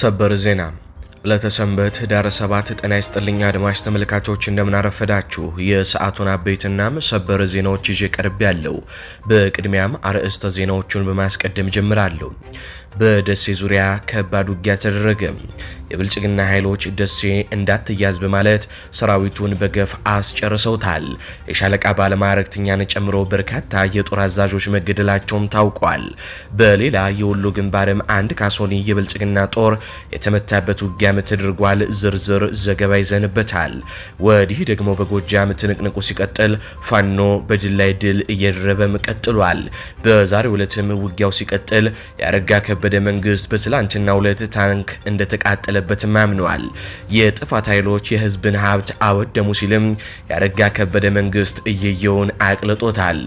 ሰበር ዜና ለተሰንበት ህዳር 7 ጤና ይስጥልኝ አድማጭ ተመልካቾች እንደምናረፈዳችሁ የሰዓቱን አበይትና ሰበር ዜናዎች ይዤ ቀርብ ያለው። በቅድሚያም አርዕስተ ዜናዎቹን በማስቀደም ጀምራለሁ። በደሴ ዙሪያ ከባድ ውጊያ ተደረገ። የብልጽግና ኃይሎች ደሴ እንዳትያዝ በማለት ሰራዊቱን በገፍ አስጨርሰውታል። የሻለቃ ባለማዕረግተኛን ጨምሮ በርካታ የጦር አዛዦች መገደላቸውም ታውቋል። በሌላ የወሎ ግንባርም አንድ ካሶኒ የብልጽግና ጦር የተመታበት ውጊያ ገዳም ተደርጓል። ዝርዝር ዘገባ ይዘንበታል። ወዲህ ደግሞ በጎጃም ትንቅንቁ ሲቀጥል ፋኖ በድል ላይ ድል እየደረበም ቀጥሏል። በዛሬው ዕለትም ውጊያው ሲቀጥል ያረጋ ከበደ መንግስት በትላንትና ሁለት ታንክ እንደተቃጠለበትም አምነዋል። የጥፋት ኃይሎች የህዝብን ሀብት አወደሙ ሲልም ያረጋ ከበደ መንግስት እየየውን አቅልጦታል።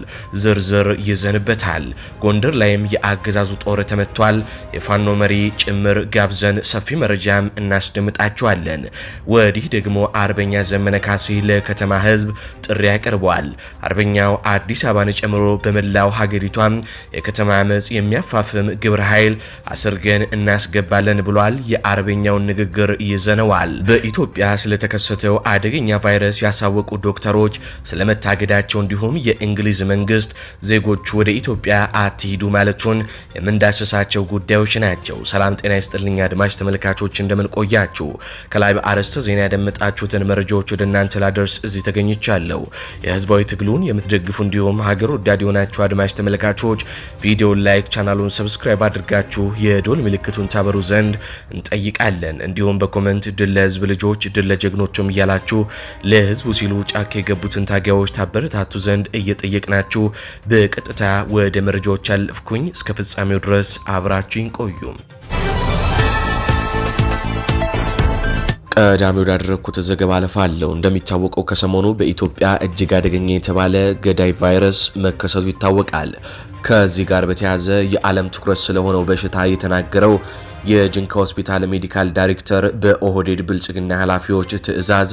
ዝርዝር ይዘንበታል። ጎንደር ላይም የአገዛዙ ጦር ተመቷል። የፋኖ መሪ ጭምር ጋብዘን ሰፊ መረጃም እና እናስደምጣቸዋለን። ወዲህ ደግሞ አርበኛ ዘመነ ካሴ ለከተማ ህዝብ ጥሪ ያቀርበዋል። አርበኛው አዲስ አበባን ጨምሮ በመላው ሀገሪቷም የከተማ አመፅ የሚያፋፍም ግብረ ኃይል አስርገን እናስገባለን ብሏል። የአርበኛውን ንግግር ይዘነዋል። በኢትዮጵያ ስለተከሰተው አደገኛ ቫይረስ ያሳወቁ ዶክተሮች ስለመታገዳቸው እንዲሁም የእንግሊዝ መንግስት ዜጎቹ ወደ ኢትዮጵያ አትሂዱ ማለቱን የምንዳሰሳቸው ጉዳዮች ናቸው። ሰላም ጤና ይስጥልኝ አድማጭ ተመልካቾች እንደምንቆ ቆያችሁ። ከላይ በአርዕስተ ዜና ያደመጣችሁትን መረጃዎች ወደ እናንተ ላደርስ እዚህ ተገኝቻለሁ። የህዝባዊ ትግሉን የምትደግፉ እንዲሁም ሀገር ወዳድ የሆናችሁ አድማጭ ተመልካቾች ቪዲዮን ላይክ፣ ቻናሉን ሰብስክራይብ አድርጋችሁ የዶል ምልክቱን ታበሩ ዘንድ እንጠይቃለን። እንዲሁም በኮመንት ድል ለህዝብ ልጆች፣ ድል ለጀግኖቹም እያላችሁ ለህዝቡ ሲሉ ጫካ የገቡትን ታጋዮች ታበረታቱ ዘንድ እየጠየቅናችሁ በቀጥታ ወደ መረጃዎች አልፍኩኝ እስከ ፍጻሜው ድረስ አብራችሁን ቆዩም። ቀዳሚ ወዳደረግኩት ዘገባ አለፋለሁ። እንደሚታወቀው ከሰሞኑ በኢትዮጵያ እጅግ አደገኛ የተባለ ገዳይ ቫይረስ መከሰቱ ይታወቃል። ከዚህ ጋር በተያያዘ የዓለም ትኩረት ስለሆነው በሽታ የተናገረው የጅንካ ሆስፒታል ሜዲካል ዳይሬክተር በኦህዴድ ብልጽግና ኃላፊዎች ትዕዛዝ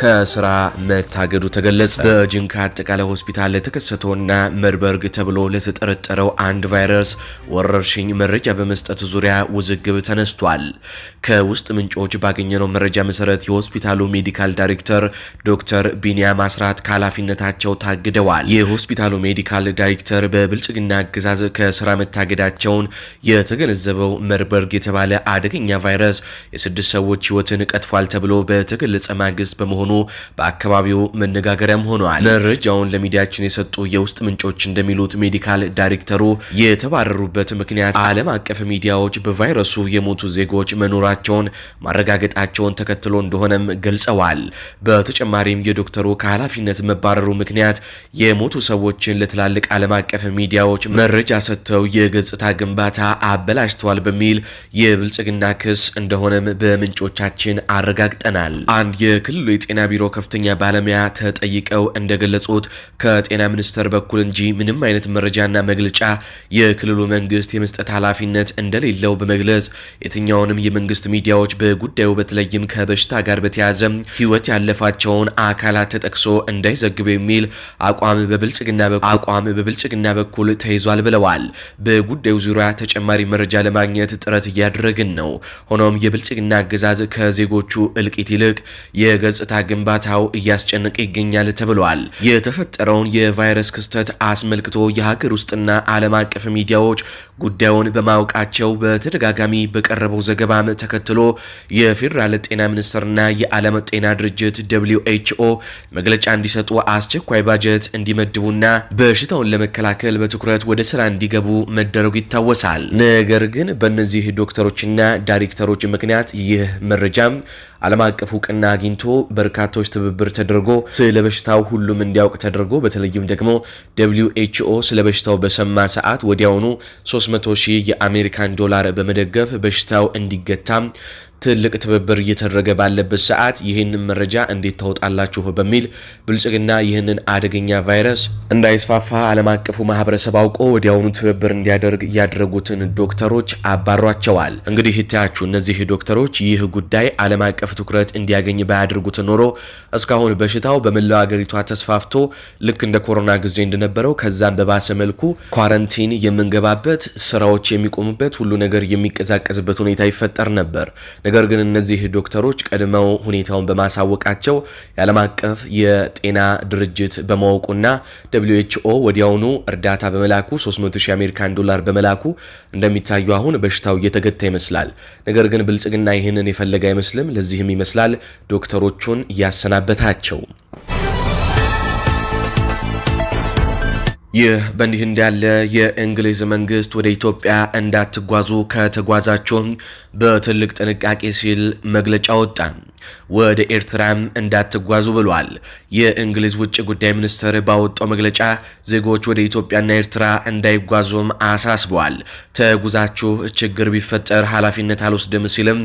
ከስራ መታገዱ ተገለጸ። በጅንካ አጠቃላይ ሆስፒታል ለተከሰተውና መርበርግ ተብሎ ለተጠረጠረው አንድ ቫይረስ ወረርሽኝ መረጃ በመስጠት ዙሪያ ውዝግብ ተነስቷል። ከውስጥ ምንጮች ባገኘነው መረጃ መሰረት የሆስፒታሉ ሜዲካል ዳይሬክተር ዶክተር ቢኒያም አስራት ከኃላፊነታቸው ታግደዋል። የሆስፒታሉ ሜዲካል ዳይሬክተር በብልጽግና አገዛዝ ከስራ መታገዳቸውን የተገነዘበው መርበርግ የተባ የተባለ አደገኛ ቫይረስ የስድስት ሰዎች ህይወትን ቀጥፏል ተብሎ በተገለጸ ማግስት በመሆኑ በአካባቢው መነጋገሪያም ሆኗል። መረጃውን ለሚዲያችን የሰጡ የውስጥ ምንጮች እንደሚሉት ሜዲካል ዳይሬክተሩ የተባረሩበት ምክንያት ዓለም አቀፍ ሚዲያዎች በቫይረሱ የሞቱ ዜጎች መኖራቸውን ማረጋገጣቸውን ተከትሎ እንደሆነም ገልጸዋል። በተጨማሪም የዶክተሩ ከኃላፊነት መባረሩ ምክንያት የሞቱ ሰዎችን ለትላልቅ ዓለም አቀፍ ሚዲያዎች መረጃ ሰጥተው የገጽታ ግንባታ አበላሽተዋል በሚል የብልጽግና ክስ እንደሆነም በምንጮቻችን አረጋግጠናል። አንድ የክልሉ የጤና ቢሮ ከፍተኛ ባለሙያ ተጠይቀው እንደገለጹት ከጤና ሚኒስቴር በኩል እንጂ ምንም አይነት መረጃና መግለጫ የክልሉ መንግስት የመስጠት ኃላፊነት እንደሌለው በመግለጽ የትኛውንም የመንግስት ሚዲያዎች በጉዳዩ በተለይም ከበሽታ ጋር በተያያዘ ህይወት ያለፋቸውን አካላት ተጠቅሶ እንዳይዘግቡ የሚል አቋም በብልጽግና አቋም በብልጽግና በኩል ተይዟል ብለዋል። በጉዳዩ ዙሪያ ተጨማሪ መረጃ ለማግኘት ጥረት እያ እያደረግን ነው። ሆኖም የብልጽግና አገዛዝ ከዜጎቹ እልቂት ይልቅ የገጽታ ግንባታው እያስጨነቀ ይገኛል ተብሏል። የተፈጠረውን የቫይረስ ክስተት አስመልክቶ የሀገር ውስጥና ዓለም አቀፍ ሚዲያዎች ጉዳዩን በማወቃቸው በተደጋጋሚ በቀረበው ዘገባም ተከትሎ የፌዴራል ጤና ሚኒስቴርና የዓለም ጤና ድርጅት ደብሊው መግለጫ እንዲሰጡ አስቸኳይ ባጀት እንዲመድቡና በሽታውን ለመከላከል በትኩረት ወደ ስራ እንዲገቡ መደረጉ ይታወሳል። ነገር ግን በእነዚህ ዶክተር ዶክተሮችና ዳይሬክተሮች ምክንያት ይህ መረጃ ዓለም አቀፍ እውቅና አግኝቶ በርካቶች ትብብር ተደርጎ ስለ በሽታው ሁሉም እንዲያውቅ ተደርጎ በተለይም ደግሞ ደብሊው ኤች ኦ ስለ በሽታው በሰማ ሰዓት ወዲያውኑ 300 ሺህ የአሜሪካን ዶላር በመደገፍ በሽታው እንዲገታ ትልቅ ትብብር እየተደረገ ባለበት ሰዓት ይህንን መረጃ እንዴት ታወጣላችሁ በሚል ብልጽግና ይህንን አደገኛ ቫይረስ እንዳይስፋፋ ዓለም አቀፉ ማህበረሰብ አውቆ ወዲያውኑ ትብብር እንዲያደርግ ያደረጉትን ዶክተሮች አባሯቸዋል። እንግዲህ ይታያችሁ እነዚህ ዶክተሮች ይህ ጉዳይ ዓለም አቀፍ ትኩረት እንዲያገኝ ባያደርጉት ኖሮ እስካሁን በሽታው በመላው አገሪቷ ተስፋፍቶ ልክ እንደ ኮሮና ጊዜ እንደነበረው ከዛም በባሰ መልኩ ኳረንቲን የምንገባበት ስራዎች የሚቆሙበት ሁሉ ነገር የሚቀዛቀዝበት ሁኔታ ይፈጠር ነበር። ነገር ግን እነዚህ ዶክተሮች ቀድመው ሁኔታውን በማሳወቃቸው የዓለም አቀፍ የጤና ድርጅት በማወቁና ደብሊው ኤች ኦ ወዲያውኑ እርዳታ በመላኩ 300 አሜሪካን ዶላር በመላኩ እንደሚታዩ አሁን በሽታው እየተገታ ይመስላል። ነገር ግን ብልጽግና ይህንን የፈለገ አይመስልም። ለዚህም ይመስላል ዶክተሮቹን እያሰናበታቸው ይህ በእንዲህ እንዳለ የእንግሊዝ መንግስት ወደ ኢትዮጵያ እንዳትጓዙ ከተጓዛቸውም በትልቅ ጥንቃቄ ሲል መግለጫ ወጣ። ወደ ኤርትራም እንዳትጓዙ ብሏል። የእንግሊዝ ውጭ ጉዳይ ሚኒስትር ባወጣው መግለጫ ዜጎች ወደ ኢትዮጵያና ኤርትራ እንዳይጓዙም አሳስበዋል። ተጉዛችሁ ችግር ቢፈጠር ኃላፊነት አልወስድም ሲልም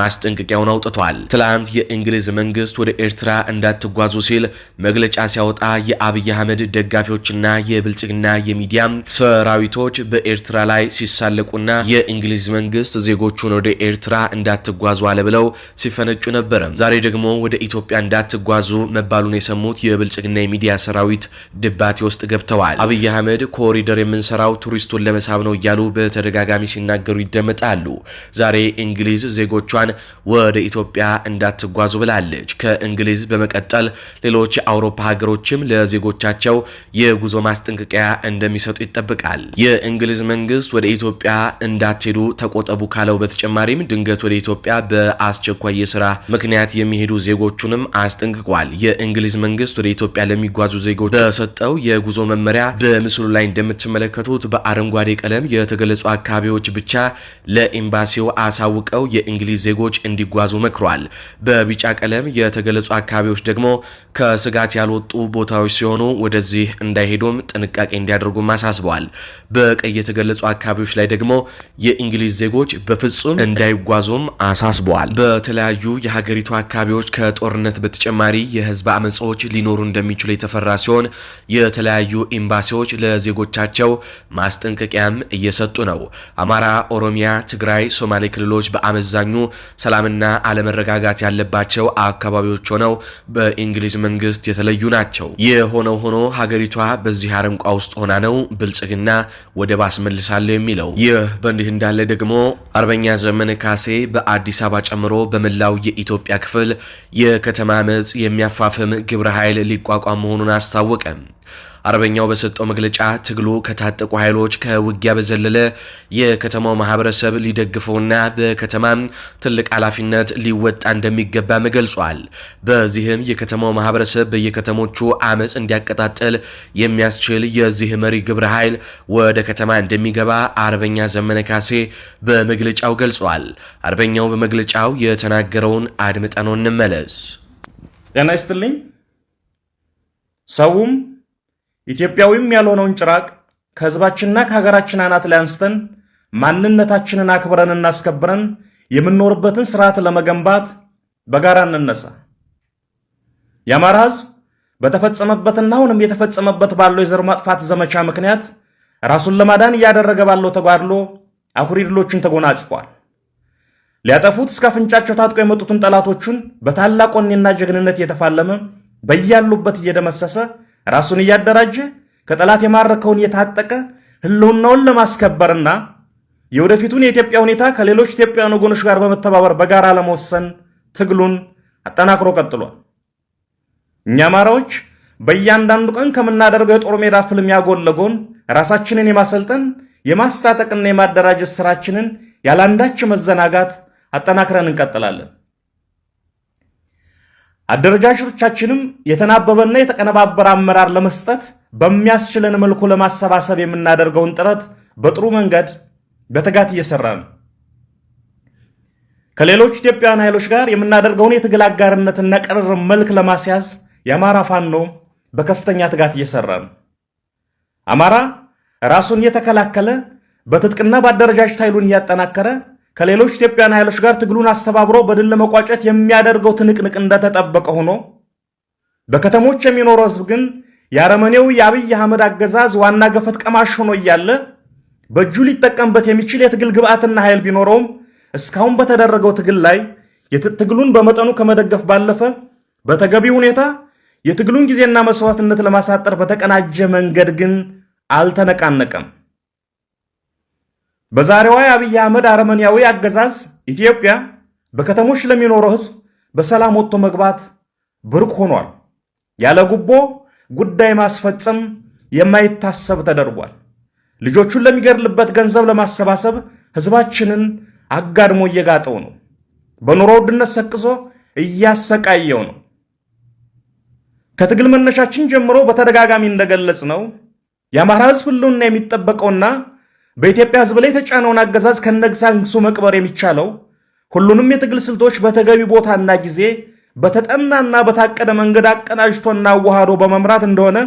ማስጠንቀቂያውን አውጥቷል። ትላንት የእንግሊዝ መንግስት ወደ ኤርትራ እንዳትጓዙ ሲል መግለጫ ሲያወጣ የአብይ አህመድ ደጋፊዎችና የብልጽግና የሚዲያ ሰራዊቶች በኤርትራ ላይ ሲሳለቁና የእንግሊዝ መንግስት ዜጎቹን ወደ ኤርትራ እንዳትጓዙ አለ ብለው ሲፈነጩ ነበር። ዛሬ ደግሞ ወደ ኢትዮጵያ እንዳትጓዙ መባሉን የሰሙት የብልጽግና የሚዲያ ሰራዊት ድባቴ ውስጥ ገብተዋል። አብይ አህመድ ኮሪደር የምንሰራው ቱሪስቱን ለመሳብ ነው እያሉ በተደጋጋሚ ሲናገሩ ይደመጣሉ። ዛሬ እንግሊዝ ዜጎቿን ወደ ኢትዮጵያ እንዳትጓዙ ብላለች። ከእንግሊዝ በመቀጠል ሌሎች የአውሮፓ ሀገሮችም ለዜጎቻቸው የጉዞ ማስጠንቀቂያ እንደሚሰጡ ይጠበቃል። የእንግሊዝ መንግስት ወደ ኢትዮጵያ እንዳትሄዱ ተቆጠቡ ካለው በተጨማሪም ድንገት ወደ ኢትዮጵያ በአስቸኳይ የስራ ምክንያት ምክንያት የሚሄዱ ዜጎቹንም አስጠንቅቋል። የእንግሊዝ መንግስት ወደ ኢትዮጵያ ለሚጓዙ ዜጎች በሰጠው የጉዞ መመሪያ በምስሉ ላይ እንደምትመለከቱት በአረንጓዴ ቀለም የተገለጹ አካባቢዎች ብቻ ለኤምባሲው አሳውቀው የእንግሊዝ ዜጎች እንዲጓዙ መክሯል። በቢጫ ቀለም የተገለጹ አካባቢዎች ደግሞ ከስጋት ያልወጡ ቦታዎች ሲሆኑ ወደዚህ እንዳይሄዱም ጥንቃቄ እንዲያደርጉም አሳስበዋል። በቀይ የተገለጹ አካባቢዎች ላይ ደግሞ የእንግሊዝ ዜጎች በፍጹም እንዳይጓዙም አሳስበዋል። በተለያዩ የሀገር የሀገሪቱ አካባቢዎች ከጦርነት በተጨማሪ የህዝብ አመጾች ሊኖሩ እንደሚችሉ የተፈራ ሲሆን የተለያዩ ኤምባሲዎች ለዜጎቻቸው ማስጠንቀቂያም እየሰጡ ነው። አማራ፣ ኦሮሚያ፣ ትግራይ፣ ሶማሌ ክልሎች በአመዛኙ ሰላምና አለመረጋጋት ያለባቸው አካባቢዎች ሆነው በእንግሊዝ መንግስት የተለዩ ናቸው። የሆነው ሆኖ ሀገሪቷ በዚህ አረንቋ ውስጥ ሆና ነው ብልጽግና ወደብ አስመልሳለሁ የሚለው። ይህ በእንዲህ እንዳለ ደግሞ አርበኛ ዘመነ ካሴ በአዲስ አበባ ጨምሮ በመላው የኢትዮጵያ የኢትዮጵያ ክፍል የከተማ አመፅ የሚያፋፍም ግብረ ኃይል ሊቋቋም መሆኑን አስታወቀ። አርበኛው በሰጠው መግለጫ ትግሉ ከታጠቁ ኃይሎች ከውጊያ በዘለለ የከተማው ማህበረሰብ ሊደግፈውና በከተማም ትልቅ ኃላፊነት ሊወጣ እንደሚገባም ገልጿል። በዚህም የከተማው ማህበረሰብ በየከተሞቹ አመፅ እንዲያቀጣጠል የሚያስችል የዚህ መሪ ግብረ ኃይል ወደ ከተማ እንደሚገባ አርበኛ ዘመነ ካሴ በመግለጫው ገልጿል። አርበኛው በመግለጫው የተናገረውን አድምጠነው እንመለስ። ጤና ይስጥልኝ ሰውም ኢትዮጵያዊም ያልሆነውን ጭራቅ ከህዝባችንና ከሀገራችን አናት ላይ አንስተን ማንነታችንን አክብረን እናስከብረን የምንኖርበትን ስርዓት ለመገንባት በጋራ እንነሳ። የአማራ ህዝብ በተፈጸመበትና አሁንም የተፈጸመበት ባለው የዘር ማጥፋት ዘመቻ ምክንያት ራሱን ለማዳን እያደረገ ባለው ተጓድሎ አኩሪ ድሎችን ተጎናጽፏል። ሊያጠፉት እስከ አፍንጫቸው ታጥቆ የመጡትን ጠላቶቹን በታላቅ ወኔና ጀግንነት እየተፋለመ በያሉበት እየደመሰሰ ራሱን እያደራጀ ከጠላት የማረከውን የታጠቀ ህልውናውን ለማስከበርና የወደፊቱን የኢትዮጵያ ሁኔታ ከሌሎች ኢትዮጵያውያን ወገኖች ጋር በመተባበር በጋራ ለመወሰን ትግሉን አጠናክሮ ቀጥሏል። እኛ አማራዎች በእያንዳንዱ ቀን ከምናደርገው የጦር ሜዳ ፍልሚያ ጎን ለጎን ራሳችንን የማሰልጠን የማስታጠቅና የማደራጀት ስራችንን ያለአንዳች መዘናጋት አጠናክረን እንቀጥላለን። አደረጃጀቶቻችንም የተናበበና የተቀነባበረ አመራር ለመስጠት በሚያስችለን መልኩ ለማሰባሰብ የምናደርገውን ጥረት በጥሩ መንገድ በትጋት እየሰራ ነው። ከሌሎች ኢትዮጵያውያን ኃይሎች ጋር የምናደርገውን የትግል አጋርነትና ቅርርብ መልክ ለማስያዝ የአማራ ፋኖ በከፍተኛ ትጋት እየሰራ ነው። አማራ ራሱን እየተከላከለ በትጥቅና በአደረጃጀት ኃይሉን እያጠናከረ ከሌሎች ኢትዮጵያን ኃይሎች ጋር ትግሉን አስተባብሮ በድል ለመቋጨት የሚያደርገው ትንቅንቅ እንደተጠበቀ ሆኖ በከተሞች የሚኖረው ህዝብ ግን የአረመኔው የአብይ አህመድ አገዛዝ ዋና ገፈት ቀማሽ ሆኖ እያለ በእጁ ሊጠቀምበት የሚችል የትግል ግብአትና ኃይል ቢኖረውም እስካሁን በተደረገው ትግል ላይ ትግሉን በመጠኑ ከመደገፍ ባለፈ በተገቢ ሁኔታ የትግሉን ጊዜና መስዋዕትነት ለማሳጠር በተቀናጀ መንገድ ግን አልተነቃነቀም። በዛሬዋ የአብይ አህመድ አረመንያዊ አገዛዝ ኢትዮጵያ በከተሞች ለሚኖረው ህዝብ በሰላም ወጥቶ መግባት ብርቅ ሆኗል። ያለ ጉቦ ጉዳይ ማስፈጸም የማይታሰብ ተደርጓል። ልጆቹን ለሚገድልበት ገንዘብ ለማሰባሰብ ህዝባችንን አጋድሞ እየጋጠው ነው። በኑሮ ውድነት ሰቅዞ እያሰቃየው ነው። ከትግል መነሻችን ጀምሮ በተደጋጋሚ እንደገለጽ ነው የአማራ ህዝብ ህልውና የሚጠበቀውና በኢትዮጵያ ሕዝብ ላይ የተጫነውን አገዛዝ ከነግሳንግሱ መቅበር የሚቻለው ሁሉንም የትግል ስልቶች በተገቢ ቦታና ጊዜ በተጠናና በታቀደ መንገድ አቀናጅቶና አዋሃዶ በመምራት እንደሆነ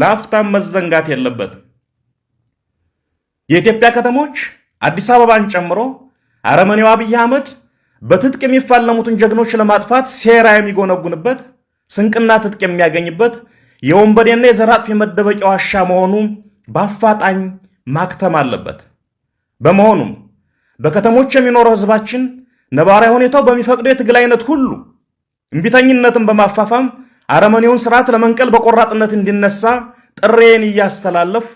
ለአፍታም መዘንጋት የለበትም። የኢትዮጵያ ከተሞች አዲስ አበባን ጨምሮ አረመኔው አብይ አህመድ በትጥቅ የሚፋለሙትን ጀግኖች ለማጥፋት ሴራ የሚጎነጉንበት ስንቅና ትጥቅ የሚያገኝበት የወንበዴና የዘራጥፍ የመደበቂያ ዋሻ መሆኑ በአፋጣኝ ማክተም አለበት። በመሆኑም በከተሞች የሚኖረው ህዝባችን ነባራዊ ሁኔታው በሚፈቅደው የትግል አይነት ሁሉ እምቢተኝነትን በማፋፋም አረመኔውን ስርዓት ለመንቀል በቆራጥነት እንዲነሳ ጥሬን እያስተላለፍ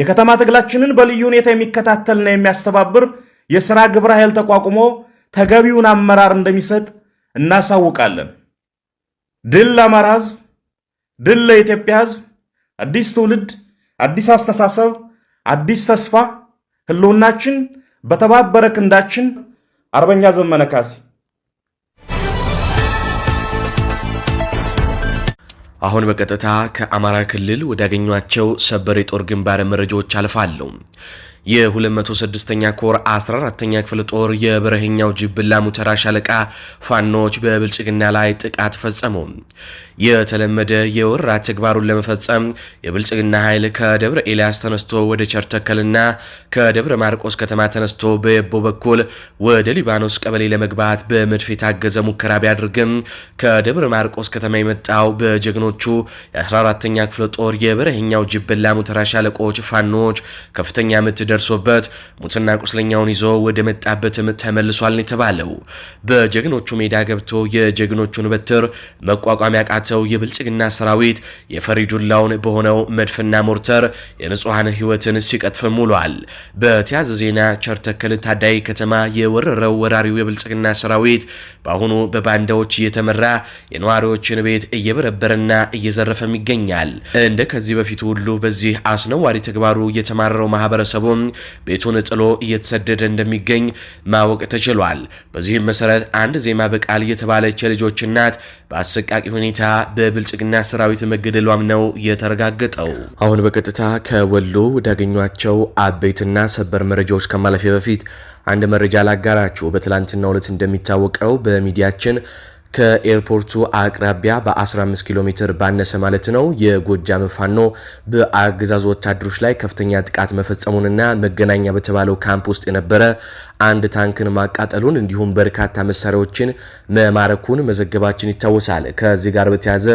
የከተማ ትግላችንን በልዩ ሁኔታ የሚከታተልና የሚያስተባብር የሥራ ግብረ ኃይል ተቋቁሞ ተገቢውን አመራር እንደሚሰጥ እናሳውቃለን። ድል ለአማራ ህዝብ፣ ድል ለኢትዮጵያ ህዝብ። አዲስ ትውልድ፣ አዲስ አስተሳሰብ አዲስ ተስፋ ህልውናችን በተባበረ ክንዳችን። አርበኛ ዘመነ ካሴ። አሁን በቀጥታ ከአማራ ክልል ወዳገኟቸው ሰበር የጦር ግንባር መረጃዎች አልፋለሁ። የ206ኛ ኮር 14ኛ ክፍለ ጦር የበረህኛው ጅብላ ሙተራ ሻለቃ ፋኖች በብልጽግና ላይ ጥቃት ፈጸሙ። የተለመደ የወራ ተግባሩን ለመፈጸም የብልጽግና ኃይል ከደብረ ኤልያስ ተነስቶ ወደ ቸርተከልና ከደብረ ማርቆስ ከተማ ተነስቶ በየቦ በኩል ወደ ሊባኖስ ቀበሌ ለመግባት በመድፍ የታገዘ ሙከራ ቢያደርግም ከደብረ ማርቆስ ከተማ የመጣው በጀግኖቹ የ 14 ተኛ ክፍለ ጦር የበረህኛው ጅብላ ሙተራ ሻለቆች ፋኖች ከፍተኛ ምት ደርሶበት ሙትና ቁስለኛውን ይዞ ወደ መጣበትም ተመልሷል የተባለው በጀግኖቹ ሜዳ ገብቶ የጀግኖቹን በትር መቋቋም ያቃተው የብልጽግና ሰራዊት የፈሪዱላውን በሆነው መድፍና ሞርተር የንጹሐን ህይወትን ሲቀጥፍም ውሏል። በተያዘ ዜና ቸርተክል ታዳይ ከተማ የወረረው ወራሪው የብልጽግና ሰራዊት በአሁኑ በባንዳዎች እየተመራ የነዋሪዎችን ቤት እየበረበረና እየዘረፈም ይገኛል። እንደ ከዚህ በፊቱ ሁሉ በዚህ አስነዋሪ ተግባሩ የተማረረው ማህበረሰቡም ቤቱን ጥሎ እየተሰደደ እንደሚገኝ ማወቅ ተችሏል። በዚህም መሰረት አንድ ዜማ በቃል የተባለች የልጆች እናት በአሰቃቂ ሁኔታ በብልጽግና ሰራዊት መገደሏም ነው የተረጋገጠው። አሁን በቀጥታ ከወሎ ወዳገኟቸው አበይትና ሰበር መረጃዎች ከማለፌ በፊት አንድ መረጃ ላጋራችሁ። በትላንትናው ዕለት እንደሚታወቀው በሚዲያችን ከኤርፖርቱ አቅራቢያ በ15 ኪሎ ሜትር ባነሰ ማለት ነው የጎጃም ፋኖ በአገዛዙ ወታደሮች ላይ ከፍተኛ ጥቃት መፈጸሙንና መገናኛ በተባለው ካምፕ ውስጥ የነበረ አንድ ታንክን ማቃጠሉን እንዲሁም በርካታ መሳሪያዎችን መማረኩን መዘገባችን ይታወሳል። ከዚህ ጋር በተያያዘ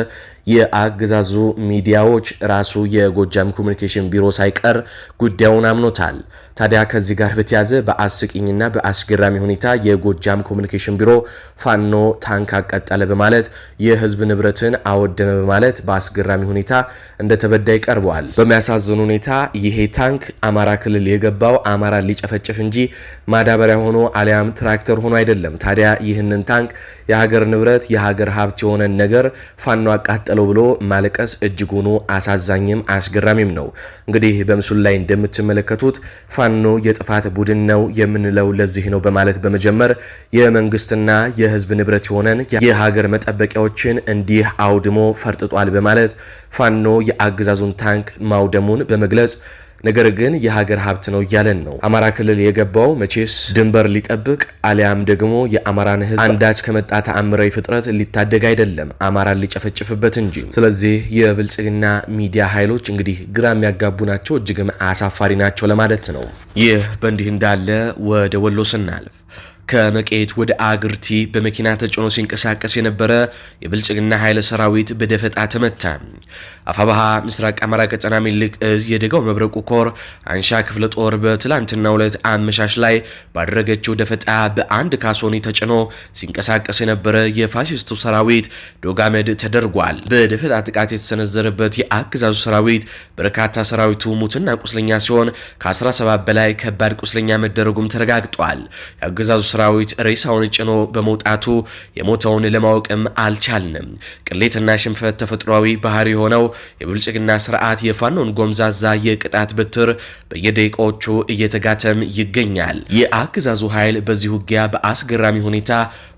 የአገዛዙ ሚዲያዎች ራሱ የጎጃም ኮሚኒኬሽን ቢሮ ሳይቀር ጉዳዩን አምኖታል። ታዲያ ከዚህ ጋር በተያያዘ በአስቂኝና በአስገራሚ ሁኔታ የጎጃም ኮሚኒኬሽን ቢሮ ፋኖ ታንክ ቀጠለ በማለት የህዝብ ንብረትን አወደመ በማለት በአስገራሚ ሁኔታ እንደተበዳይ ተበዳይ ቀርበዋል። በሚያሳዝን ሁኔታ ይሄ ታንክ አማራ ክልል የገባው አማራ ሊጨፈጭፍ እንጂ ማዳበሪያ ሆኖ አሊያም ትራክተር ሆኖ አይደለም። ታዲያ ይህንን ታንክ የሀገር ንብረት የሀገር ሀብት የሆነን ነገር ፋኖ አቃጠለው ብሎ ማለቀስ እጅግ ሆኖ አሳዛኝም አስገራሚም ነው። እንግዲህ በምስሉ ላይ እንደምትመለከቱት ፋኖ የጥፋት ቡድን ነው የምንለው ለዚህ ነው በማለት በመጀመር የመንግስትና የህዝብ ንብረት የሆነን የሀገር መጠበቂያዎችን እንዲህ አውድሞ ፈርጥጧል በማለት ፋኖ የአገዛዙን ታንክ ማውደሙን በመግለጽ ነገር ግን የሀገር ሀብት ነው እያለን ነው። አማራ ክልል የገባው መቼስ ድንበር ሊጠብቅ አሊያም ደግሞ የአማራን ሕዝብ አንዳች ከመጣ ተአምራዊ ፍጥረት ሊታደግ አይደለም፣ አማራን ሊጨፈጭፍበት እንጂ። ስለዚህ የብልጽግና ሚዲያ ኃይሎች እንግዲህ ግራ የሚያጋቡ ናቸው፣ እጅግም አሳፋሪ ናቸው ለማለት ነው። ይህ በእንዲህ እንዳለ ወደ ወሎ ስናልፍ ከመቄት ወደ አግርቲ በመኪና ተጭኖ ሲንቀሳቀስ የነበረ የብልጽግና ኃይለ ሰራዊት በደፈጣ ተመታ። አፋባሃ ምስራቅ አማራ ቀጠና ሚልቅ እዝ የደጋው መብረቁ ኮር አንሻ ክፍለ ጦር በትላንትና ሁለት አመሻሽ ላይ ባደረገችው ደፈጣ በአንድ ካሶኒ ተጭኖ ሲንቀሳቀስ የነበረ የፋሽስቱ ሰራዊት ዶጋመድ ተደርጓል። በደፈጣ ጥቃት የተሰነዘረበት የአገዛዙ ሰራዊት በርካታ ሰራዊቱ ሙትና ቁስለኛ ሲሆን ከ17 በላይ ከባድ ቁስለኛ መደረጉም ተረጋግጧል። የአገዛዙ ሰራዊት ሬሳውን ጭኖ በመውጣቱ የሞተውን ለማወቅም አልቻልንም። ቅሌትና ሽንፈት ተፈጥሯዊ ባህሪ የሆነው የብልጽግና ስርዓት የፋኖን ጎምዛዛ የቅጣት ብትር በየደቂቃዎቹ እየተጋተም ይገኛል። የአገዛዙ ኃይል በዚህ ውጊያ በአስገራሚ ሁኔታ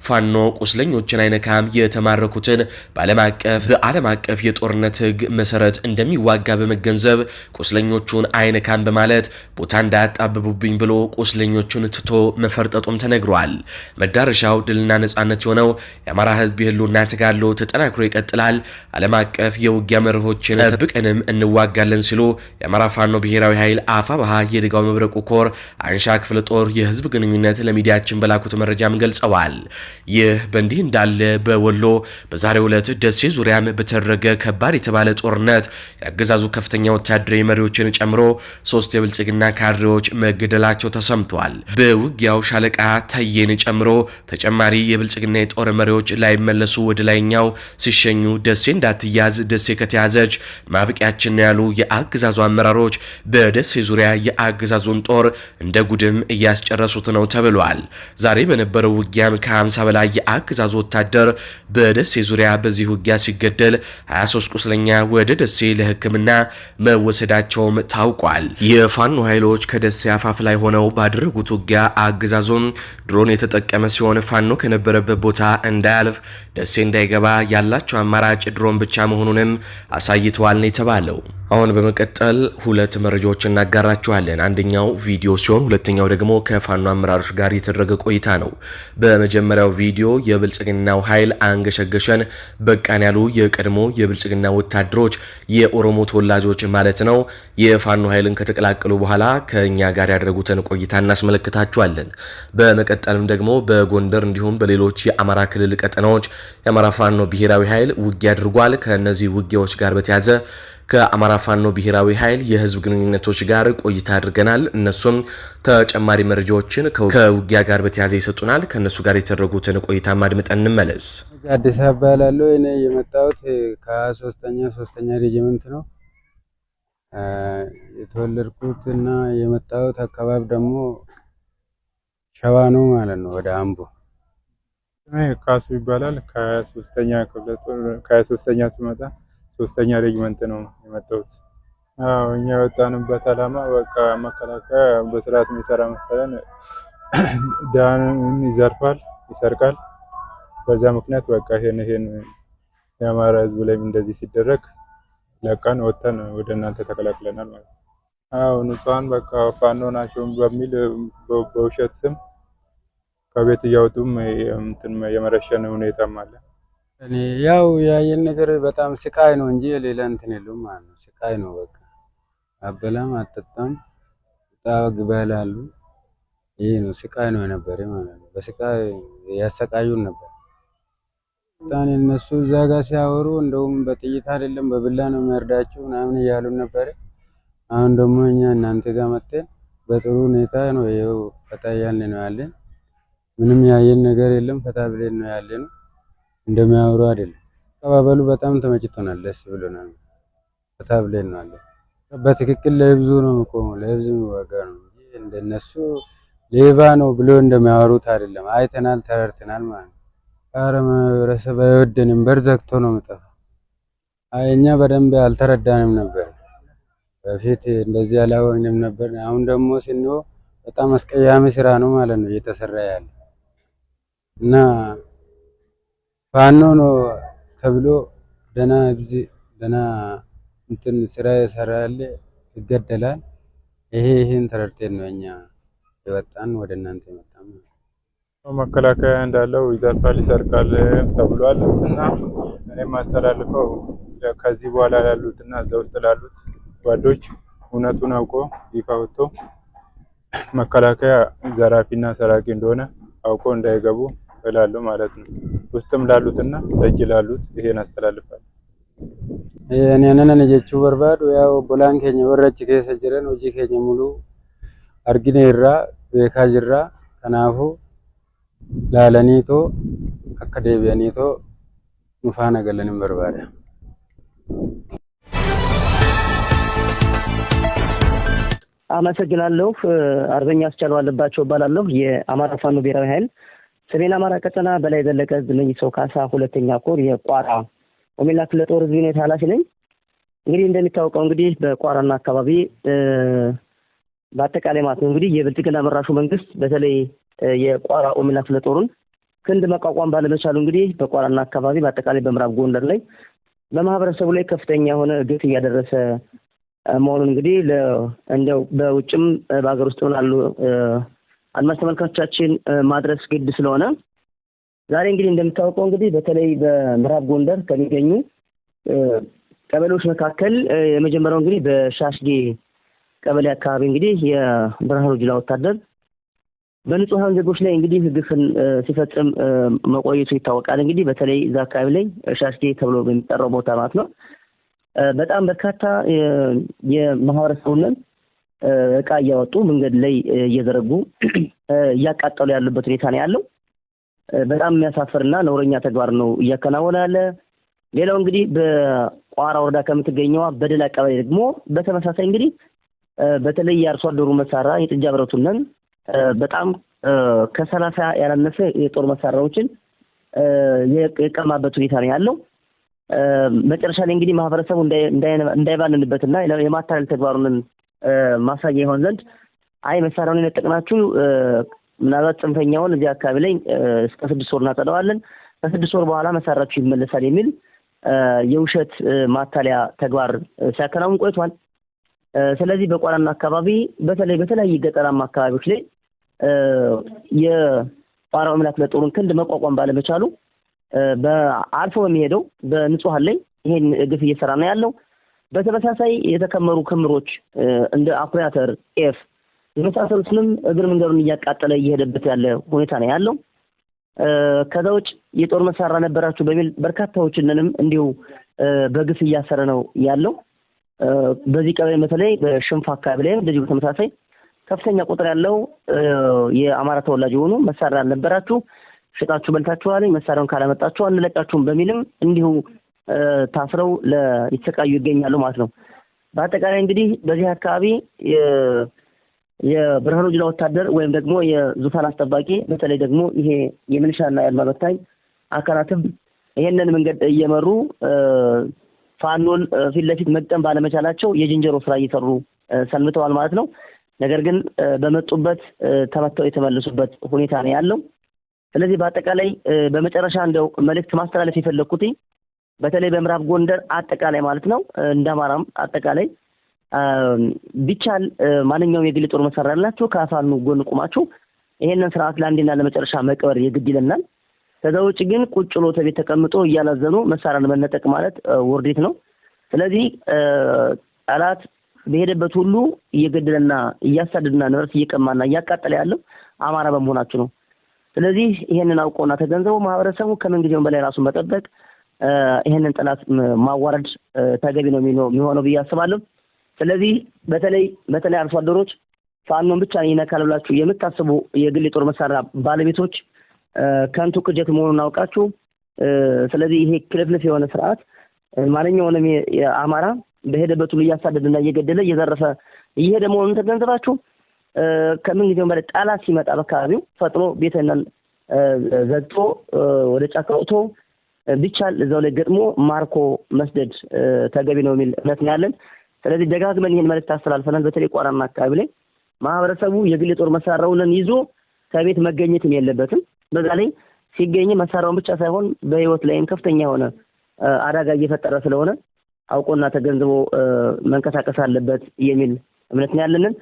ፋኖ ቁስለኞችን አይነካም፣ የተማረኩትን በዓለም አቀፍ በዓለም አቀፍ የጦርነት ሕግ መሰረት እንደሚዋጋ በመገንዘብ ቁስለኞቹን አይነካም በማለት ቦታ እንዳያጣብቡብኝ ብሎ ቁስለኞቹን ትቶ መፈርጠጡም ተነግሯል። መዳረሻው ድልና ነጻነት የሆነው የአማራ ህዝብ የህልውና ተጋድሎ ተጠናክሮ ይቀጥላል። ዓለም አቀፍ የውጊያ መርሆ ሰዎች ጠብቀንም እንዋጋለን ሲሉ የአማራ ፋኖ ብሔራዊ ኃይል አፋ ባሃ የድጋው መብረቁ ኮር አንሻ ክፍለ ጦር የህዝብ ግንኙነት ለሚዲያችን በላኩት መረጃም ገልጸዋል። ይህ በእንዲህ እንዳለ በወሎ በዛሬው ዕለት ደሴ ዙሪያም በተደረገ ከባድ የተባለ ጦርነት የአገዛዙ ከፍተኛ ወታደራዊ መሪዎችን ጨምሮ ሶስት የብልጽግና ካድሬዎች መገደላቸው ተሰምቷል። በውጊያው ሻለቃ ተየን ጨምሮ ተጨማሪ የብልጽግና የጦር መሪዎች ላይመለሱ ወደ ላይኛው ሲሸኙ ደሴ እንዳትያዝ ደሴ ከተያዘ እያረጀች ማብቂያችን ነው ያሉ የአገዛዙ አመራሮች በደሴ ዙሪያ የአገዛዙን ጦር እንደ ጉድም እያስጨረሱት ነው ተብሏል። ዛሬ በነበረው ውጊያም ከ50 በላይ የአገዛዙ ወታደር በደሴ ዙሪያ በዚህ ውጊያ ሲገደል 23 ቁስለኛ ወደ ደሴ ለሕክምና መወሰዳቸውም ታውቋል። የፋኖ ኃይሎች ከደሴ አፋፍ ላይ ሆነው ባደረጉት ውጊያ አገዛዙም ድሮን የተጠቀመ ሲሆን ፋኖ ከነበረበት ቦታ እንዳያልፍ ደሴ እንዳይገባ ያላቸው አማራጭ ድሮን ብቻ መሆኑንም አሳይተዋል ነው የተባለው። አሁን በመቀጠል ሁለት መረጃዎች እናጋራችኋለን። አንደኛው ቪዲዮ ሲሆን ሁለተኛው ደግሞ ከፋኖ አመራሮች ጋር የተደረገ ቆይታ ነው። በመጀመሪያው ቪዲዮ የብልጽግናው ኃይል አንገሸገሸን በቃን ያሉ የቀድሞ የብልጽግና ወታደሮች የኦሮሞ ተወላጆች ማለት ነው የፋኖ ኃይልን ከተቀላቀሉ በኋላ ከእኛ ጋር ያደረጉትን ቆይታ እናስመለክታችኋለን። በመቀጠልም ደግሞ በጎንደር እንዲሁም በሌሎች የአማራ ክልል ቀጠናዎች የአማራ ፋኖ ብሔራዊ ኃይል ውጊያ አድርጓል። ከእነዚህ ውጊያዎች ጋር ጋር በተያዘ ከአማራ ፋኖ ብሔራዊ ኃይል የህዝብ ግንኙነቶች ጋር ቆይታ አድርገናል። እነሱም ተጨማሪ መረጃዎችን ከውጊያ ጋር በተያዘ ይሰጡናል። ከእነሱ ጋር የተደረጉትን ቆይታ አድምጠን እንመለስ። አዲስ አበባ ላለ እኔ የመጣሁት ከሶስተኛ ሶስተኛ ሬጅመንት ነው የተወለድኩት እና የመጣሁት አካባቢ ደግሞ ሸዋ ነው ማለት ነው ወደ አምቦ ካሱ ይባላል ከሶስተኛ ክፍለ ጦር ከሶስተኛ ስመጣ ሶስተኛ ሬጅመንት ነው የመጣሁት። አዎ እኛ የወጣንበት አላማ በቃ መከላከያ በስርዓት የሚሰራ መሰለን ዳንን ይዘርፋል፣ ይሰርቃል። በዛ ምክንያት በቃ ይሄን ይሄን የአማራ ህዝብ ላይ እንደዚህ ሲደረግ ለቀን ወጥተን ወደ እናንተ ተቀላቅለናል ማለት ነው። አዎ ንጹሐን በቃ ፋኖ ናቸው በሚል በውሸት ስም ከቤት እያወጡም የመረሸን ሁኔታም አለ። እኔ ያው ያየን ነገር በጣም ስቃይ ነው እንጂ ሌላ እንትን የለውም ማለት ነው። ስቃይ ነው በቃ አበላም አጠጣም ጣ ግበላሉ። ይህ ነው ስቃይ ነው የነበረ ማለት ነው። በስቃይ ያሰቃዩን ነበር። ታን እነሱ እዛ ጋር ሲያወሩ እንደውም በጥይት አይደለም በብላ ነው የሚያርዳቸው ምናምን እያሉን ነበረ። አሁን ደግሞ እኛ እናንተ ጋር መጥተን በጥሩ ሁኔታ ነው ይኸው ፈታ እያልን ነው ያለን። ምንም ያየን ነገር የለም። ፈታ ብለን ነው ያለ ነው። እንደሚያወሩ አይደለም። አቀባበሉ በጣም ተመችቶናል፣ ደስ ብሎናል። ፈታ ብለን ነው አለ በትክክል ለህዝቡ ነው የምቆመው፣ ለህዝቡ የሚዋጋ ነው እንጂ እንደነሱ ሌባ ነው ብሎ እንደሚያወሩት አይደለም። አይተናል፣ ተረድተናል ማለት ነው። ኧረ ማህበረሰብ አይወደንም፣ በር ዘግቶ ነው የምጠፋ። እኛ በደንብ አልተረዳንም ነበር በፊት እንደዚህ ያላወቅንም ነበር። አሁን ደግሞ ስንሆ በጣም አስቀያሚ ስራ ነው ማለት ነው እየተሰራ ያለ እና ፋኖ ነው ተብሎ ደና ብዚ ደና እንትን ስራ የሰራ ያለ ይገደላል። ይሄ ይህን ተረድተን ነው እኛ የወጣን ወደ እናንተ የመጣም። መከላከያ እንዳለው ይዘርፋል፣ ይሰርቃል ተብሏል እና እኔም አስተላልፈው ከዚህ በኋላ ላሉት እና እዛ ውስጥ ላሉት ጓዶች እውነቱን አውቆ ይፋ ወጥቶ መከላከያ ዘራፊና ሰራቂ እንደሆነ አውቆ እንዳይገቡ እላለሁ ማለት ነው። ውስጥም ላሉትና ደጅ ላሉት ይሄን አስተላልፋለሁ። ነነን ጀችው በርባዱ ያው ቦላን ኬኘ ወረች ኬሰ ጅረን ወጂ ኬኘ ሙሉ አርጊኔ ይራ ቤካ ጅራ ከናፉ ላለኒቶ አከ ዴቢያኒቶ ኑፋነ ገለንም በርባዳ አመሰግናለሁ። አርበኛ አስቻለው አለባቸው እባላለሁ። የአማራ ፋኖ ብሔራዊ ኃይል ሰሜን አማራ ቀጠና በላይ ዘለቀ ዝመኝ ሰው ካሳ ሁለተኛ ኮር የቋራ ኦሜላ ክፍለ ጦር ህዝብ ዩኒት ኃላፊ ነኝ። እንግዲህ እንደሚታወቀው እንግዲህ በቋራና አካባቢ በአጠቃላይ ማለት ነው እንግዲህ የብልጽግና መራሹ መንግስት በተለይ የቋራ ኦሜላ ክፍለ ጦሩን ክንድ መቋቋም ባለመቻሉ እንግዲህ በቋራና አካባቢ በአጠቃላይ በምዕራብ ጎንደር ላይ በማህበረሰቡ ላይ ከፍተኛ የሆነ ግፍ እያደረሰ መሆኑን እንግዲህ እንደው በውጭም በሀገር ውስጥ ላሉ አድማጭ ተመልካቾቻችን ማድረስ ግድ ስለሆነ ዛሬ እንግዲህ እንደምታውቀው እንግዲህ በተለይ በምዕራብ ጎንደር ከሚገኙ ቀበሌዎች መካከል የመጀመሪያው እንግዲህ በሻሽጌ ቀበሌ አካባቢ እንግዲህ የብርሃኑ ጁላ ወታደር በንጹሐን ዜጎች ላይ እንግዲህ ግፍን ሲፈጽም መቆየቱ ይታወቃል። እንግዲህ በተለይ እዛ አካባቢ ላይ ሻሽጌ ተብሎ በሚጠራው ቦታ ማለት ነው በጣም በርካታ የማህበረሰቡነት እቃ እያወጡ መንገድ ላይ እየዘረጉ እያቃጠሉ ያሉበት ሁኔታ ነው ያለው። በጣም የሚያሳፍርና ነውረኛ ተግባር ነው እያከናወነ ያለ። ሌላው እንግዲህ በቋራ ወረዳ ከምትገኘዋ በደል ቀበሌ ደግሞ በተመሳሳይ እንግዲህ በተለይ የአርሶ አደሩ መሳሪያ የጥጃ ብረቱነን በጣም ከሰላሳ ያላነሰ የጦር መሳሪያዎችን የቀማበት ሁኔታ ነው ያለው። መጨረሻ ላይ እንግዲህ ማህበረሰቡ እንዳይባንንበትና የማታለል ተግባሩን ማሳያ ይሆን ዘንድ አይ መሳሪያውን የነጠቅናችሁ ምናልባት ጽንፈኛውን እዚህ አካባቢ ላይ እስከ ስድስት ወር እናጸደዋለን፣ ከስድስት ወር በኋላ መሳሪያችሁ ይመለሳል የሚል የውሸት ማታለያ ተግባር ሲያከናውን ቆይቷል። ስለዚህ በቋራና አካባቢ በተለይ በተለያየ ገጠራማ አካባቢዎች ላይ የቋራው አምላክ ለጦሩን ክንድ መቋቋም ባለመቻሉ አልፎ በሚሄደው በንጹሀን ላይ ይሄን ግፍ እየሰራ ነው ያለው። በተመሳሳይ የተከመሩ ክምሮች እንደ አኩሪ አተር፣ ጤፍ የመሳሰሉትንም እግር መንገዱን እያቃጠለ እየሄደበት ያለ ሁኔታ ነው ያለው። ከዛ ውጭ የጦር መሳሪያ ነበራችሁ በሚል በርካታዎችንንም እንዲሁ በግፍ እያሰረ ነው ያለው። በዚህ ቀበሌ በተለይ በሽንፋ አካባቢ ላይም እንደዚሁ በተመሳሳይ ከፍተኛ ቁጥር ያለው የአማራ ተወላጅ የሆኑ መሳሪያ አልነበራችሁ፣ ሸጣችሁ በልታችኋል፣ መሳሪያውን ካላመጣችሁ አንለቃችሁም በሚልም እንዲሁ ታስረው የተሰቃዩ ይገኛሉ ማለት ነው። በአጠቃላይ እንግዲህ በዚህ አካባቢ የብርሃኑ ጁላ ወታደር ወይም ደግሞ የዙፋን አስጠባቂ በተለይ ደግሞ ይሄ የምንሻና የአድማ በታኝ አካላትም ይሄንን መንገድ እየመሩ ፋኖን ፊት ለፊት መቅጠም ባለመቻላቸው የዝንጀሮ ስራ እየሰሩ ሰንብተዋል ማለት ነው። ነገር ግን በመጡበት ተመተው የተመለሱበት ሁኔታ ነው ያለው። ስለዚህ በአጠቃላይ በመጨረሻ እንደው መልእክት ማስተላለፍ የፈለግኩት በተለይ በምዕራብ ጎንደር አጠቃላይ ማለት ነው እንደ አማራም አጠቃላይ ቢቻል ማንኛውም የግል ጦር መሳሪያ ያላቸው ከፋኖ ጎን ቁማችሁ ይሄንን ስርዓት ለአንዴና ለመጨረሻ መቅበር የግድ ይለናል። ከዛ ውጭ ግን ቁጭ ብሎ ተቤት ተቀምጦ እያላዘኑ መሳሪያን መነጠቅ ማለት ውርዴት ነው። ስለዚህ ጠላት በሄደበት ሁሉ እየገደለና እያሳደድና ንብረት እየቀማና እያቃጠለ ያለው አማራ በመሆናችሁ ነው። ስለዚህ ይሄንን አውቆና ተገንዘቡ ማህበረሰቡ ከምንጊዜውም በላይ ራሱን መጠበቅ ይህንን ጥላት ማዋረድ ተገቢ ነው የሚሆነው ብዬ አስባለሁ። ስለዚህ በተለይ በተለይ አርሶ አደሮች ፋኖን ብቻ ይነካል ብላችሁ የምታስቡ የግል የጦር መሳሪያ ባለቤቶች ከንቱ ቅጀት መሆኑን አውቃችሁ፣ ስለዚህ ይሄ ክልፍልፍ የሆነ ስርዓት ማንኛውንም የአማራ በሄደበት ሁሉ እያሳደደና እየገደለ እየዘረፈ እየሄደ መሆኑን ተገንዝባችሁ ከምን ጊዜውም በላይ ጠላት ሲመጣ በአካባቢው ፈጥኖ ቤተናን ዘግቶ ወደ ጫካ ወጥቶ ቢቻል እዛው ላይ ገጥሞ ማርኮ መስደድ ተገቢ ነው የሚል እምነት ያለን። ስለዚህ ደጋግመን ይህን መልእክት አስተላልፈናል። በተለይ ቋራማ አካባቢ ላይ ማህበረሰቡ የግል ጦር መሳሪያውን ይዞ ከቤት መገኘትም የለበትም። በዛ ላይ ሲገኝ መሳሪያውን ብቻ ሳይሆን በህይወት ላይም ከፍተኛ የሆነ አደጋ እየፈጠረ ስለሆነ አውቆና ተገንዝቦ መንቀሳቀስ አለበት የሚል እምነት ያለንን።